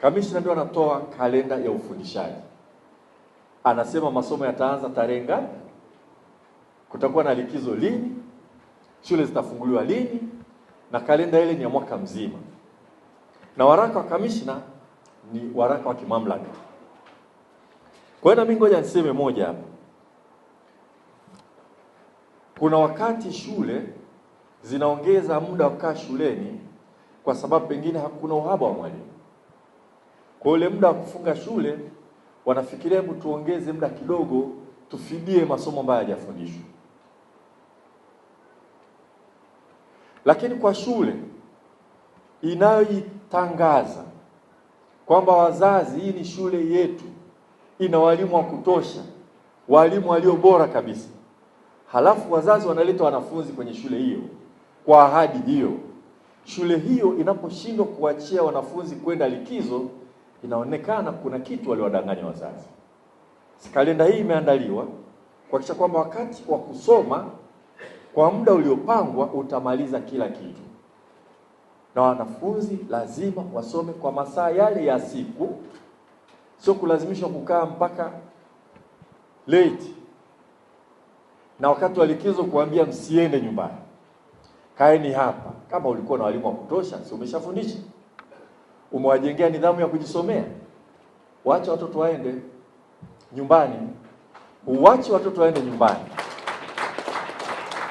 Kamishna ndio anatoa kalenda ya ufundishaji, anasema masomo yataanza tarehe ngapi, kutakuwa na likizo lini, shule zitafunguliwa lini, na kalenda ile ni ya mwaka mzima. Na waraka wa kamishna ni waraka wa kimamlaka. Kwa hiyo mimi ngoja niseme moja hapa. Kuna wakati shule zinaongeza muda wa kukaa shuleni kwa sababu pengine hakuna uhaba wa mwalimu kwa ule muda wa kufunga shule wanafikiria hebu tuongeze muda kidogo, tufidie masomo ambayo hayajafundishwa. Lakini kwa shule inayoitangaza kwamba wazazi, hii ni shule yetu, ina walimu wa kutosha, walimu walio bora kabisa, halafu wazazi wanaleta wanafunzi kwenye shule hiyo kwa ahadi hiyo, shule hiyo inaposhindwa kuachia wanafunzi kwenda likizo inaonekana kuna kitu waliwadanganya wazazi. Kalenda hii imeandaliwa kuhakikisha kwamba wakati wa kusoma kwa muda uliopangwa utamaliza kila kitu, na wanafunzi lazima wasome kwa masaa yale ya siku, sio kulazimishwa kukaa mpaka late, na wakati wa likizo kuambia msiende nyumbani, kaeni hapa. Kama ulikuwa na walimu wa kutosha, si umeshafundisha? umewajengea nidhamu ya kujisomea. Waache watoto waende nyumbani, uwache watoto waende nyumbani.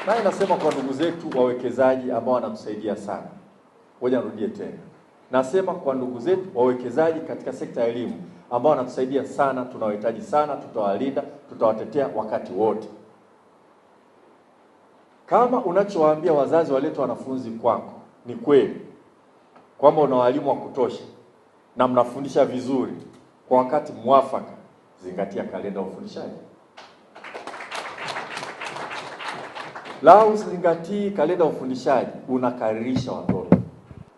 Naye nasema kwa ndugu zetu wawekezaji ambao wanatusaidia sana, ngoja nirudie tena, nasema kwa ndugu zetu wawekezaji katika sekta ya elimu ambao wanatusaidia sana, tunawahitaji sana, tutawalinda, tutawatetea wakati wote. Kama unachowaambia wazazi walete wanafunzi kwako ni kweli kwamba una walimu wa kutosha na mnafundisha vizuri kwa wakati mwafaka, zingatia kalenda ya ufundishaji. La uzingatii kalenda ya ufundishaji, unakaririsha watoto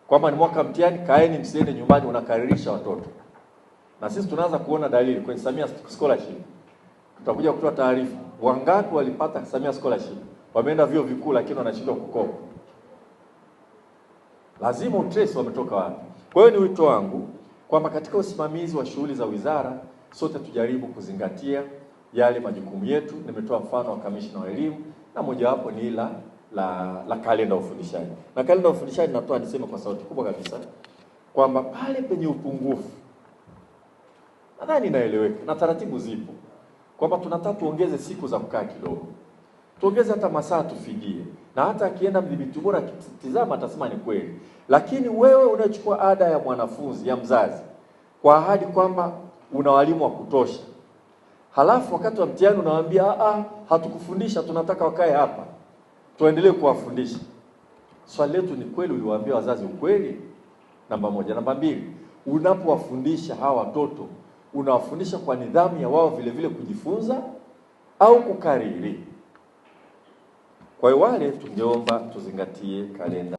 kwamba ni mwaka mtihani, kaeni msiende nyumbani, unakaririsha watoto. Na sisi tunaanza kuona dalili kwenye Samia Scholarship. Tutakuja kutoa taarifa wangapi walipata Samia Scholarship, wameenda vyuo vikuu lakini wanashindwa kukopa lazima utrace wametoka wapi. Kwa hiyo ni wito wangu kwamba katika usimamizi wa shughuli za wizara sote tujaribu kuzingatia yale majukumu yetu. Nimetoa mfano wa kamishna wa elimu na mojawapo ni ila la la kalenda ya ufundishaji, na kalenda ya ufundishaji natoa niseme kwa sauti kubwa kabisa kwamba pale penye upungufu, nadhani inaeleweka na taratibu zipo kwamba tunataka tuongeze siku za kukaa kidogo, tuongeze hata masaa tufigie na hata akienda mdhibiti ubora akitizama atasema ni kweli. Lakini wewe unachukua ada ya mwanafunzi ya mzazi kwa ahadi kwamba una walimu wa kutosha, halafu wakati wa mtihani unawaambia a, ah, ah, hatukufundisha, tunataka wakae hapa tuendelee kuwafundisha. Swali letu ni kweli, uliwaambia wazazi ukweli? Namba moja. Namba mbili, unapowafundisha hawa watoto unawafundisha kwa nidhamu ya wao vile vile kujifunza au kukariri? Kwa hiyo wale tungeomba tuzingatie kalenda.